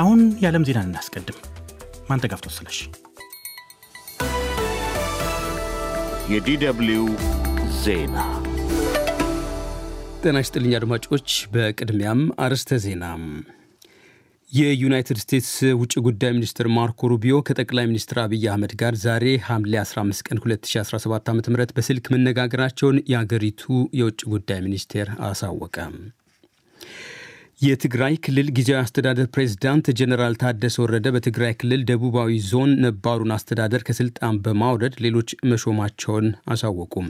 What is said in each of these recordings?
አሁን የዓለም ዜናን እናስቀድም። ተጋፍቶ ስለሽ የዲደብሊው ዜና ጤና ይስጥልኝ አድማጮች። በቅድሚያም አርስተ ዜና የዩናይትድ ስቴትስ ውጭ ጉዳይ ሚኒስትር ማርኮ ሩቢዮ ከጠቅላይ ሚኒስትር አብይ አህመድ ጋር ዛሬ ሐምሌ 15 ቀን 2017 ዓ ም በስልክ መነጋገራቸውን የአገሪቱ የውጭ ጉዳይ ሚኒስቴር አሳወቀ። የትግራይ ክልል ጊዜያዊ አስተዳደር ፕሬዝዳንት ጀኔራል ታደሰ ወረደ በትግራይ ክልል ደቡባዊ ዞን ነባሩን አስተዳደር ከስልጣን በማውረድ ሌሎች መሾማቸውን አሳወቁም።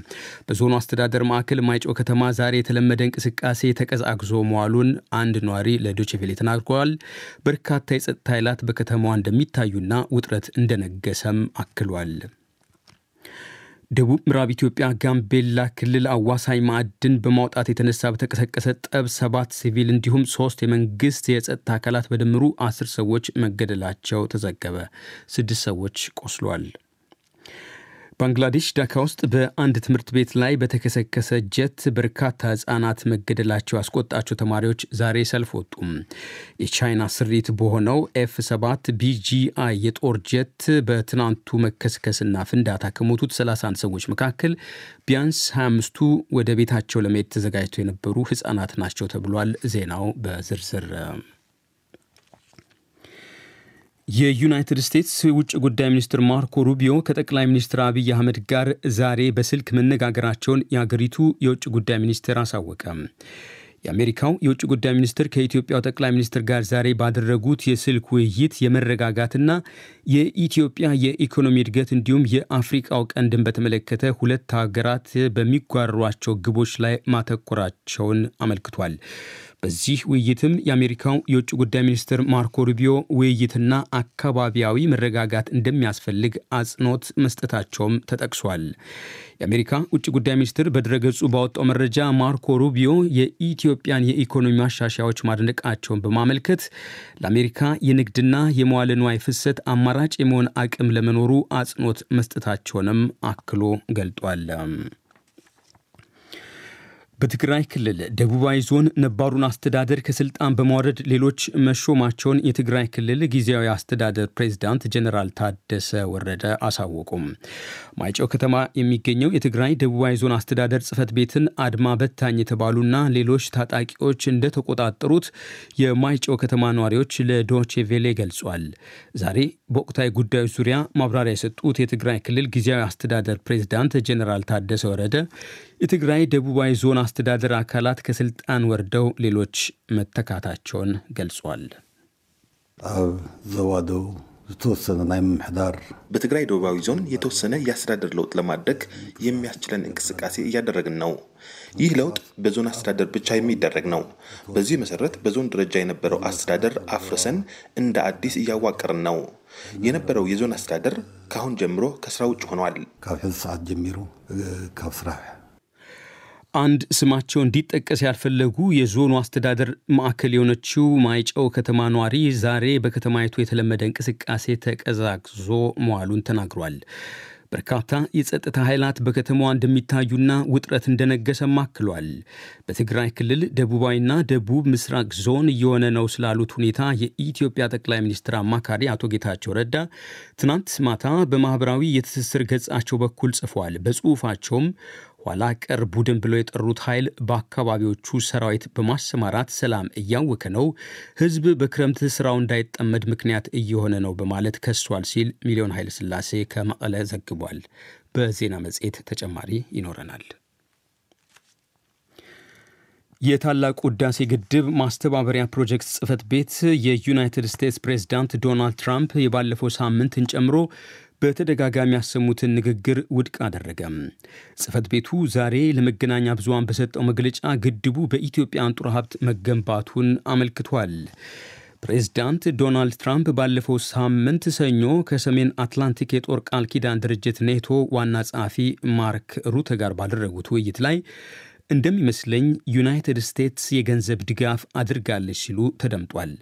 በዞኑ አስተዳደር ማዕከል ማይጮ ከተማ ዛሬ የተለመደ እንቅስቃሴ ተቀዛቅዞ መዋሉን አንድ ነዋሪ ለዶችቬሌ ተናግረዋል። በርካታ የጸጥታ ኃይላት በከተማዋ እንደሚታዩና ውጥረት እንደነገሰም አክሏል። ደቡብ ምዕራብ ኢትዮጵያ ጋምቤላ ክልል አዋሳኝ ማዕድን በማውጣት የተነሳ በተቀሰቀሰ ጠብ ሰባት ሲቪል እንዲሁም ሶስት የመንግስት የጸጥታ አካላት በድምሩ አስር ሰዎች መገደላቸው ተዘገበ። ስድስት ሰዎች ቆስሏል። ባንግላዴሽ ዳካ ውስጥ በአንድ ትምህርት ቤት ላይ በተከሰከሰ ጀት በርካታ ህጻናት መገደላቸው ያስቆጣቸው ተማሪዎች ዛሬ ሰልፍ ወጡ። የቻይና ስሪት በሆነው ኤፍ 7 ቢጂአይ የጦር ጀት በትናንቱ መከስከስና ፍንዳታ ከሞቱት 31 ሰዎች መካከል ቢያንስ 25ቱ ወደ ቤታቸው ለመሄድ ተዘጋጅተው የነበሩ ህጻናት ናቸው ተብሏል። ዜናው በዝርዝር የዩናይትድ ስቴትስ ውጭ ጉዳይ ሚኒስትር ማርኮ ሩቢዮ ከጠቅላይ ሚኒስትር አብይ አህመድ ጋር ዛሬ በስልክ መነጋገራቸውን የአገሪቱ የውጭ ጉዳይ ሚኒስትር አሳወቀ። የአሜሪካው የውጭ ጉዳይ ሚኒስትር ከኢትዮጵያው ጠቅላይ ሚኒስትር ጋር ዛሬ ባደረጉት የስልክ ውይይት የመረጋጋትና የኢትዮጵያ የኢኮኖሚ እድገት እንዲሁም የአፍሪቃው ቀንድን በተመለከተ ሁለት ሀገራት በሚጓሯቸው ግቦች ላይ ማተኮራቸውን አመልክቷል። በዚህ ውይይትም የአሜሪካው የውጭ ጉዳይ ሚኒስትር ማርኮ ሩቢዮ ውይይትና አካባቢያዊ መረጋጋት እንደሚያስፈልግ አጽንኦት መስጠታቸውም ተጠቅሷል። የአሜሪካ ውጭ ጉዳይ ሚኒስትር በድረገጹ ባወጣው መረጃ ማርኮ ሩቢዮ የኢትዮጵያን የኢኮኖሚ ማሻሻያዎች ማድነቃቸውን በማመልከት ለአሜሪካ የንግድና የመዋለ ንዋይ ፍሰት አማ አማራጭ የመሆን አቅም ለመኖሩ አጽንኦት መስጠታቸውንም አክሎ ገልጧል። በትግራይ ክልል ደቡባዊ ዞን ነባሩን አስተዳደር ከስልጣን በማውረድ ሌሎች መሾማቸውን የትግራይ ክልል ጊዜያዊ አስተዳደር ፕሬዝዳንት ጀኔራል ታደሰ ወረደ አሳወቁም። ማይጨው ከተማ የሚገኘው የትግራይ ደቡባዊ ዞን አስተዳደር ጽህፈት ቤትን አድማ በታኝ የተባሉና ሌሎች ታጣቂዎች እንደተቆጣጠሩት የማይጨው ከተማ ነዋሪዎች ለዶቼ ቬሌ ገልጿል። ዛሬ በወቅታዊ ጉዳዮች ዙሪያ ማብራሪያ የሰጡት የትግራይ ክልል ጊዜያዊ አስተዳደር ፕሬዝዳንት ጀኔራል ታደሰ ወረደ የትግራይ ደቡባዊ ዞን አስተዳደር አካላት ከስልጣን ወርደው ሌሎች መተካታቸውን ገልጿል። አብ ዞባ ዝተወሰነ ናይ ምምሕዳር በትግራይ ደቡባዊ ዞን የተወሰነ የአስተዳደር ለውጥ ለማድረግ የሚያስችለን እንቅስቃሴ እያደረግን ነው። ይህ ለውጥ በዞን አስተዳደር ብቻ የሚደረግ ነው። በዚህ መሰረት በዞን ደረጃ የነበረው አስተዳደር አፍርሰን እንደ አዲስ እያዋቀርን ነው። የነበረው የዞን አስተዳደር ከአሁን ጀምሮ ከስራ ውጭ ሆኗል። ካብ ሕዚ ሰዓት ጀሚሩ ካብ ስራሕ አንድ ስማቸው እንዲጠቀስ ያልፈለጉ የዞኑ አስተዳደር ማዕከል የሆነችው ማይጨው ከተማ ኗሪ ዛሬ በከተማይቱ የተለመደ እንቅስቃሴ ተቀዛቅዞ መዋሉን ተናግሯል። በርካታ የጸጥታ ኃይላት በከተማዋ እንደሚታዩና ውጥረት እንደነገሰ ማክሏል። በትግራይ ክልል ደቡባዊና ደቡብ ምስራቅ ዞን እየሆነ ነው ስላሉት ሁኔታ የኢትዮጵያ ጠቅላይ ሚኒስትር አማካሪ አቶ ጌታቸው ረዳ ትናንት ማታ በማኅበራዊ የትስስር ገጻቸው በኩል ጽፏል። በጽሑፋቸውም ኋላ ቀር ቡድን ብለው የጠሩት ኃይል በአካባቢዎቹ ሰራዊት በማሰማራት ሰላም እያወከ ነው፣ ህዝብ በክረምት ስራው እንዳይጠመድ ምክንያት እየሆነ ነው በማለት ከሷል ሲል ሚሊዮን ስላሴ ከመቀለ ዘግቧል። በዜና መጽሔት ተጨማሪ ይኖረናል። የታላቁ ህዳሴ ግድብ ማስተባበሪያ ፕሮጀክት ጽህፈት ቤት የዩናይትድ ስቴትስ ፕሬዝዳንት ዶናልድ ትራምፕ የባለፈው ሳምንትን ጨምሮ በተደጋጋሚ ያሰሙትን ንግግር ውድቅ አደረገም። ጽህፈት ቤቱ ዛሬ ለመገናኛ ብዙሃን በሰጠው መግለጫ ግድቡ በኢትዮጵያ አንጡረ ሀብት መገንባቱን አመልክቷል። ፕሬዚዳንት ዶናልድ ትራምፕ ባለፈው ሳምንት ሰኞ ከሰሜን አትላንቲክ የጦር ቃል ኪዳን ድርጅት ኔቶ ዋና ጸሐፊ ማርክ ሩተ ጋር ባደረጉት ውይይት ላይ እንደሚመስለኝ ዩናይትድ ስቴትስ የገንዘብ ድጋፍ አድርጋለች ሲሉ ተደምጧል።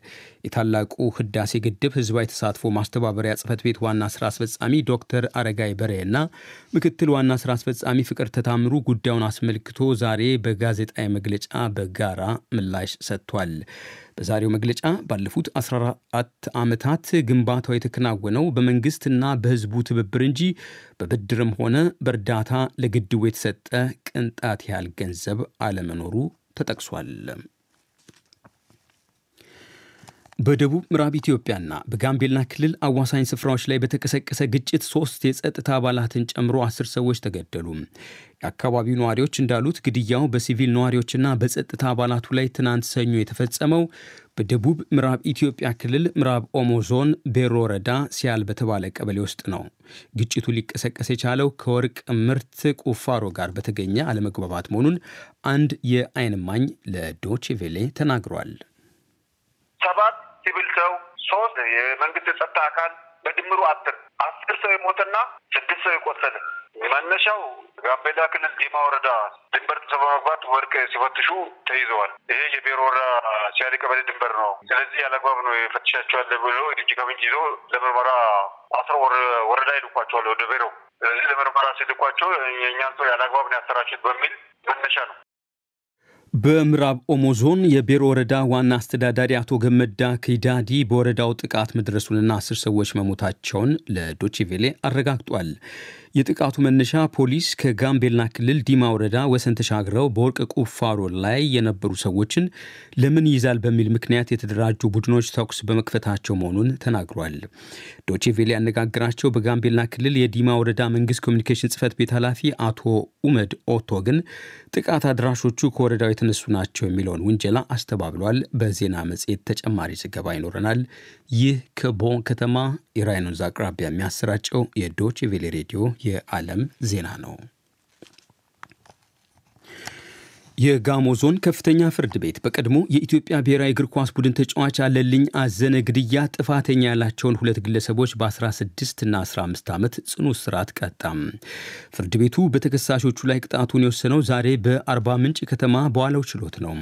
የታላቁ ህዳሴ ግድብ ህዝባዊ ተሳትፎ ማስተባበሪያ ጽህፈት ቤት ዋና ስራ አስፈጻሚ ዶክተር አረጋይ በሬ እና ምክትል ዋና ስራ አስፈጻሚ ፍቅር ተታምሩ ጉዳዩን አስመልክቶ ዛሬ በጋዜጣዊ መግለጫ በጋራ ምላሽ ሰጥቷል። በዛሬው መግለጫ ባለፉት 14 ዓመታት ግንባታው የተከናወነው በመንግስትና በህዝቡ ትብብር እንጂ በብድርም ሆነ በእርዳታ ለግድቡ የተሰጠ ቅንጣት ያህል ገንዘብ አለመኖሩ ተጠቅሷል። በደቡብ ምዕራብ ኢትዮጵያና በጋምቤላ ክልል አዋሳኝ ስፍራዎች ላይ በተቀሰቀሰ ግጭት ሶስት የጸጥታ አባላትን ጨምሮ አስር ሰዎች ተገደሉ። የአካባቢው ነዋሪዎች እንዳሉት ግድያው በሲቪል ነዋሪዎችና በጸጥታ አባላቱ ላይ ትናንት ሰኞ የተፈጸመው በደቡብ ምዕራብ ኢትዮጵያ ክልል ምዕራብ ኦሞ ዞን ቤሮ ወረዳ ሲያል በተባለ ቀበሌ ውስጥ ነው። ግጭቱ ሊቀሰቀስ የቻለው ከወርቅ ምርት ቁፋሮ ጋር በተገኘ አለመግባባት መሆኑን አንድ የአይንማኝ ለዶቼ ቬሌ ተናግሯል። ሲቪል ሰው ሶስት የመንግስት የጸጥታ አካል በድምሩ አስር አስር ሰው የሞተና ስድስት ሰው የቆሰለ መነሻው ጋምቤላ ክልል ዲማ ወረዳ ድንበር ጥሰው በመግባት ወርቅ ሲፈትሹ ተይዘዋል። ይሄ የቤሮ ወረዳ ሲያሊ ቀበሌ ድንበር ነው። ስለዚህ ያለአግባብ ነው የፈትሻቸዋል ብሎ እጅ ከፍንጅ ይዞ ለምርመራ አስራ ወረዳ ይልኳቸዋል ወደ ቤሮ። ስለዚህ ለምርመራ ሲልኳቸው የእኛን ሰው ያለአግባብ ነው ያሰራችሁት በሚል መነሻ ነው። በምዕራብ ኦሞ ዞን የቤሮ ወረዳ ዋና አስተዳዳሪ አቶ ገመዳ ኪዳዲ በወረዳው ጥቃት መድረሱንና አስር ሰዎች መሞታቸውን ለዶችቬሌ አረጋግጧል። የጥቃቱ መነሻ ፖሊስ ከጋምቤላ ክልል ዲማ ወረዳ ወሰን ተሻግረው በወርቅ ቁፋሮ ላይ የነበሩ ሰዎችን ለምን ይይዛል በሚል ምክንያት የተደራጁ ቡድኖች ተኩስ በመክፈታቸው መሆኑን ተናግሯል። ቬሌ ያነጋግራቸው በጋምቤላ ክልል የዲማ ወረዳ መንግስት ኮሚኒኬሽን ጽህፈት ቤት ኃላፊ አቶ ኡመድ ኦቶ ግን ጥቃት አድራሾቹ ከወረዳው የተነሱ ናቸው የሚለውን ውንጀላ አስተባብሏል። በዜና መጽሔት ተጨማሪ ዘገባ ይኖረናል። ይህ ከቦን ከተማ ኢራይኖንዝ አቅራቢያ የሚያሰራጨው ቬሌ ሬዲዮ የዓለም ዜና ነው። የጋሞ ዞን ከፍተኛ ፍርድ ቤት በቀድሞ የኢትዮጵያ ብሔራዊ እግር ኳስ ቡድን ተጫዋች አለልኝ አዘነ ግድያ ጥፋተኛ ያላቸውን ሁለት ግለሰቦች በ16 እና 15 ዓመት ጽኑ እስራት ቀጣም። ፍርድ ቤቱ በተከሳሾቹ ላይ ቅጣቱን የወሰነው ዛሬ በአርባ ምንጭ ከተማ በዋለው ችሎት ነው።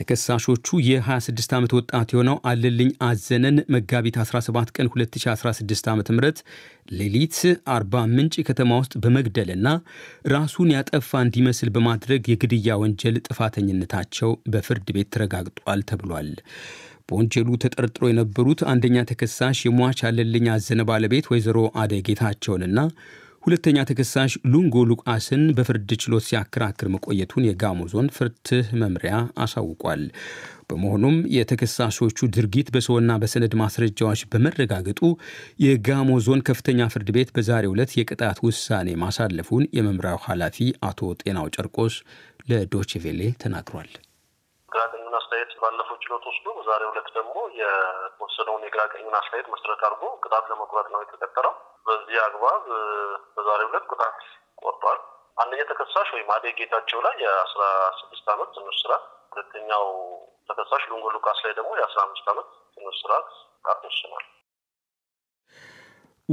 ተከሳሾቹ የ26 ዓመት ወጣት የሆነው አለልኝ አዘነን መጋቢት 17 ቀን 2016 ዓ ም ሌሊት አርባ ምንጭ ከተማ ውስጥ በመግደልና ራሱን ያጠፋ እንዲመስል በማድረግ የግድያ ወንጀል ጥፋተኝነታቸው በፍርድ ቤት ተረጋግጧል ተብሏል። በወንጀሉ ተጠርጥሮ የነበሩት አንደኛ ተከሳሽ የሟች አለልኝ አዘነ ባለቤት ወይዘሮ አደይ ጌታቸውንና ሁለተኛ ተከሳሽ ሉንጎ ሉቃስን በፍርድ ችሎት ሲያከራክር መቆየቱን የጋሞ ዞን ፍትህ መምሪያ አሳውቋል። በመሆኑም የተከሳሾቹ ድርጊት በሰውና በሰነድ ማስረጃዎች በመረጋገጡ የጋሞ ዞን ከፍተኛ ፍርድ ቤት በዛሬው ዕለት የቅጣት ውሳኔ ማሳለፉን የመምሪያው ኃላፊ አቶ ጤናው ጨርቆስ ለዶችቬሌ ተናግሯል። ግራቀኙን አስተያየት ባለፈው ችሎት ወስዶ በዛሬው ዕለት ደግሞ የተወሰነውን የግራቀኙን አስተያየት መሰረት አድርጎ ቅጣት ለመቁረጥ ነው የተቀጠረው። በዚህ አግባብ በዛሬው ዕለት ቅጣት ቆርጧል። አንደኛ ተከሳሽ ወይም አደ ጌታቸው ላይ የአስራ ስድስት አመት ጽኑ እስራት ሁለተኛው ተከሳሽ ሉንጎ ሉቃስ ላይ ደግሞ የአስራ አምስት ዓመት ጽኑ እስራት አስወስኗል።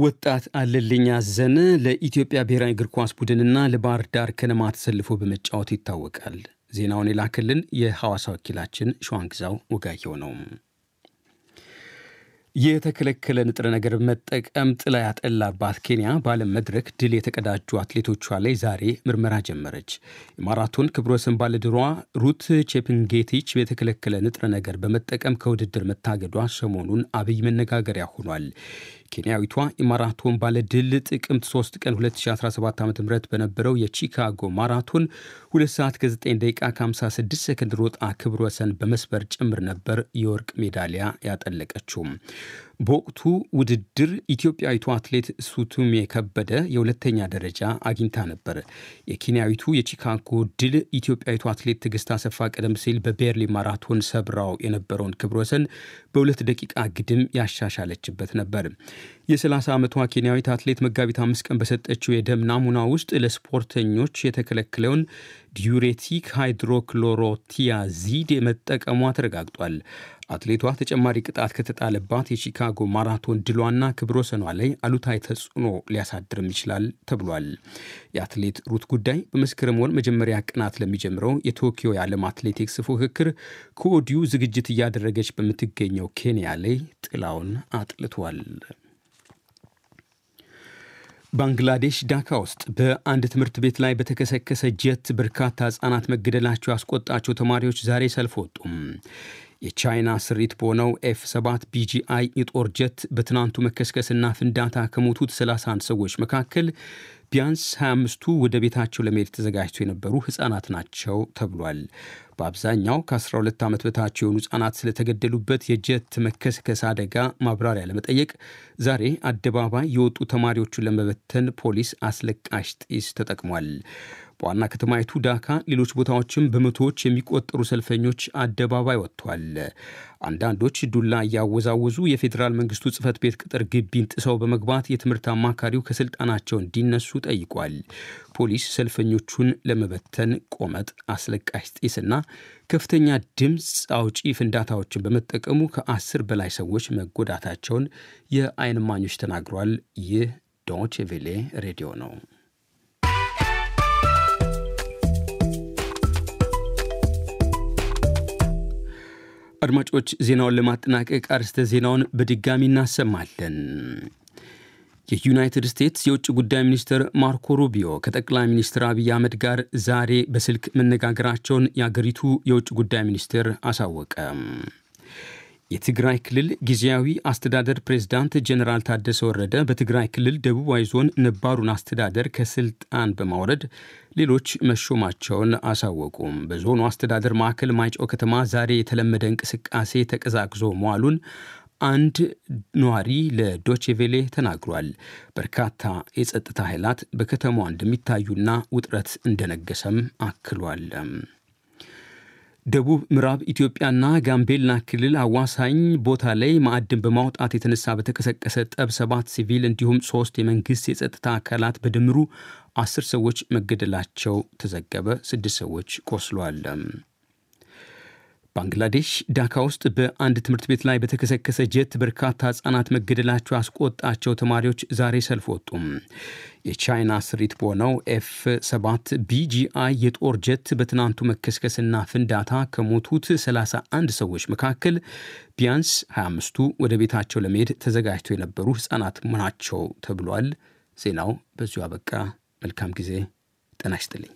ወጣት አለልኝ አዘነ ለኢትዮጵያ ብሔራዊ እግር ኳስ ቡድንና ለባህር ዳር ከነማ ተሰልፎ በመጫወት ይታወቃል። ዜናውን የላክልን የሐዋሳ ወኪላችን ሸዋንግዛው ወጋየው ነው። የተከለከለ ንጥረ ነገር መጠቀም ጥላ ያጠላባት ኬንያ በዓለም መድረክ ድል የተቀዳጁ አትሌቶቿ ላይ ዛሬ ምርመራ ጀመረች። የማራቶን ክብረ ወሰን ባለድሯ ሩት ቼፕንጌቲች የተከለከለ ንጥረ ነገር በመጠቀም ከውድድር መታገዷ ሰሞኑን አብይ መነጋገሪያ ሆኗል። ኬንያዊቷ ኢማራቶን ባለ ድል ጥቅምት 3 ቀን 2017 ዓ ም በነበረው የቺካጎ ማራቶን 2 ሰዓት ከ9 ደቂቃ ከ56 ሰከንድ ሮጣ ክብረ ወሰን በመስበር ጭምር ነበር የወርቅ ሜዳሊያ ያጠለቀችው። በወቅቱ ውድድር ኢትዮጵያዊቱ አትሌት ሱቱሜ ከበደ የሁለተኛ ደረጃ አግኝታ ነበር። የኬንያዊቱ የቺካጎ ድል ኢትዮጵያዊቱ አትሌት ትዕግስት አሰፋ ቀደም ሲል በቤርሊን ማራቶን ሰብራው የነበረውን ክብረ ወሰን በሁለት ደቂቃ ግድም ያሻሻለችበት ነበር። የ30 ዓመቷ ኬንያዊት አትሌት መጋቢት አምስት ቀን በሰጠችው የደም ናሙና ውስጥ ለስፖርተኞች የተከለከለውን ዲዩሬቲክ ሃይድሮክሎሮቲያዚድ መጠቀሟ ተረጋግጧል። አትሌቷ ተጨማሪ ቅጣት ከተጣለባት የቺካጎ ማራቶን ድሏና ክብረ ወሰኗ ላይ አሉታዊ ተጽዕኖ ሊያሳድርም ይችላል ተብሏል። የአትሌት ሩት ጉዳይ በመስከረም ወር መጀመሪያ ቀናት ለሚጀምረው የቶኪዮ የዓለም አትሌቲክስ ፉክክር ከወዲሁ ዝግጅት እያደረገች በምትገኘው ኬንያ ላይ ጥላውን አጥልቷል። ባንግላዴሽ ዳካ ውስጥ በአንድ ትምህርት ቤት ላይ በተከሰከሰ ጀት በርካታ ሕፃናት መገደላቸው ያስቆጣቸው ተማሪዎች ዛሬ ሰልፍ ወጡ። የቻይና ስሪት በሆነው ኤፍ 7 ቢጂአይ የጦር ጀት በትናንቱ መከስከስና ፍንዳታ ከሞቱት 31 ሰዎች መካከል ቢያንስ 25ቱ ወደ ቤታቸው ለመሄድ ተዘጋጅተው የነበሩ ሕፃናት ናቸው ተብሏል። በአብዛኛው ከ12 ዓመት በታች የሆኑ ሕፃናት ስለተገደሉበት የጀት መከስከስ አደጋ ማብራሪያ ለመጠየቅ ዛሬ አደባባይ የወጡ ተማሪዎቹን ለመበተን ፖሊስ አስለቃሽ ጢስ ተጠቅሟል። በዋና ከተማይቱ ዳካ፣ ሌሎች ቦታዎችም በመቶዎች የሚቆጠሩ ሰልፈኞች አደባባይ ወጥቷል። አንዳንዶች ዱላ እያወዛወዙ የፌዴራል መንግስቱ ጽህፈት ቤት ቅጥር ግቢን ጥሰው በመግባት የትምህርት አማካሪው ከስልጣናቸው እንዲነሱ ጠይቋል። ፖሊስ ሰልፈኞቹን ለመበተን ቆመጥ፣ አስለቃሽ ጢስና ከፍተኛ ድምፅ አውጪ ፍንዳታዎችን በመጠቀሙ ከአስር በላይ ሰዎች መጎዳታቸውን የአይንማኞች ተናግሯል። ይህ ዶቼ ቬሌ ሬዲዮ ነው። አድማጮች ዜናውን ለማጠናቀቅ አርስተ ዜናውን በድጋሚ እናሰማለን። የዩናይትድ ስቴትስ የውጭ ጉዳይ ሚኒስትር ማርኮ ሩቢዮ ከጠቅላይ ሚኒስትር አብይ አህመድ ጋር ዛሬ በስልክ መነጋገራቸውን የአገሪቱ የውጭ ጉዳይ ሚኒስቴር አሳወቀ። የትግራይ ክልል ጊዜያዊ አስተዳደር ፕሬዝዳንት ጀኔራል ታደሰ ወረደ በትግራይ ክልል ደቡባዊ ዞን ነባሩን አስተዳደር ከስልጣን በማውረድ ሌሎች መሾማቸውን አሳወቁም። በዞኑ አስተዳደር ማዕከል ማይጨው ከተማ ዛሬ የተለመደ እንቅስቃሴ ተቀዛቅዞ መዋሉን አንድ ነዋሪ ለዶቼቬሌ ተናግሯል። በርካታ የጸጥታ ኃይላት በከተማዋ እንደሚታዩና ውጥረት እንደነገሰም አክሏል። ደቡብ ምዕራብ ኢትዮጵያና ጋምቤላ ክልል አዋሳኝ ቦታ ላይ ማዕድን በማውጣት የተነሳ በተቀሰቀሰ ጠብ ሰባት ሲቪል እንዲሁም ሶስት የመንግስት የጸጥታ አካላት በድምሩ አስር ሰዎች መገደላቸው ተዘገበ። ስድስት ሰዎች ቆስሏል። ባንግላዴሽ ዳካ ውስጥ በአንድ ትምህርት ቤት ላይ በተከሰከሰ ጀት በርካታ ህጻናት መገደላቸው ያስቆጣቸው ተማሪዎች ዛሬ ሰልፍ ወጡ። የቻይና ስሪት በሆነው ኤፍ 7 ቢጂአይ የጦር ጀት በትናንቱ መከስከስና ፍንዳታ ከሞቱት 31 ሰዎች መካከል ቢያንስ 25ቱ ወደ ቤታቸው ለመሄድ ተዘጋጅተው የነበሩ ህጻናት ናቸው ተብሏል። ዜናው በዚሁ አበቃ። መልካም ጊዜ። ጤና ይስጥልኝ።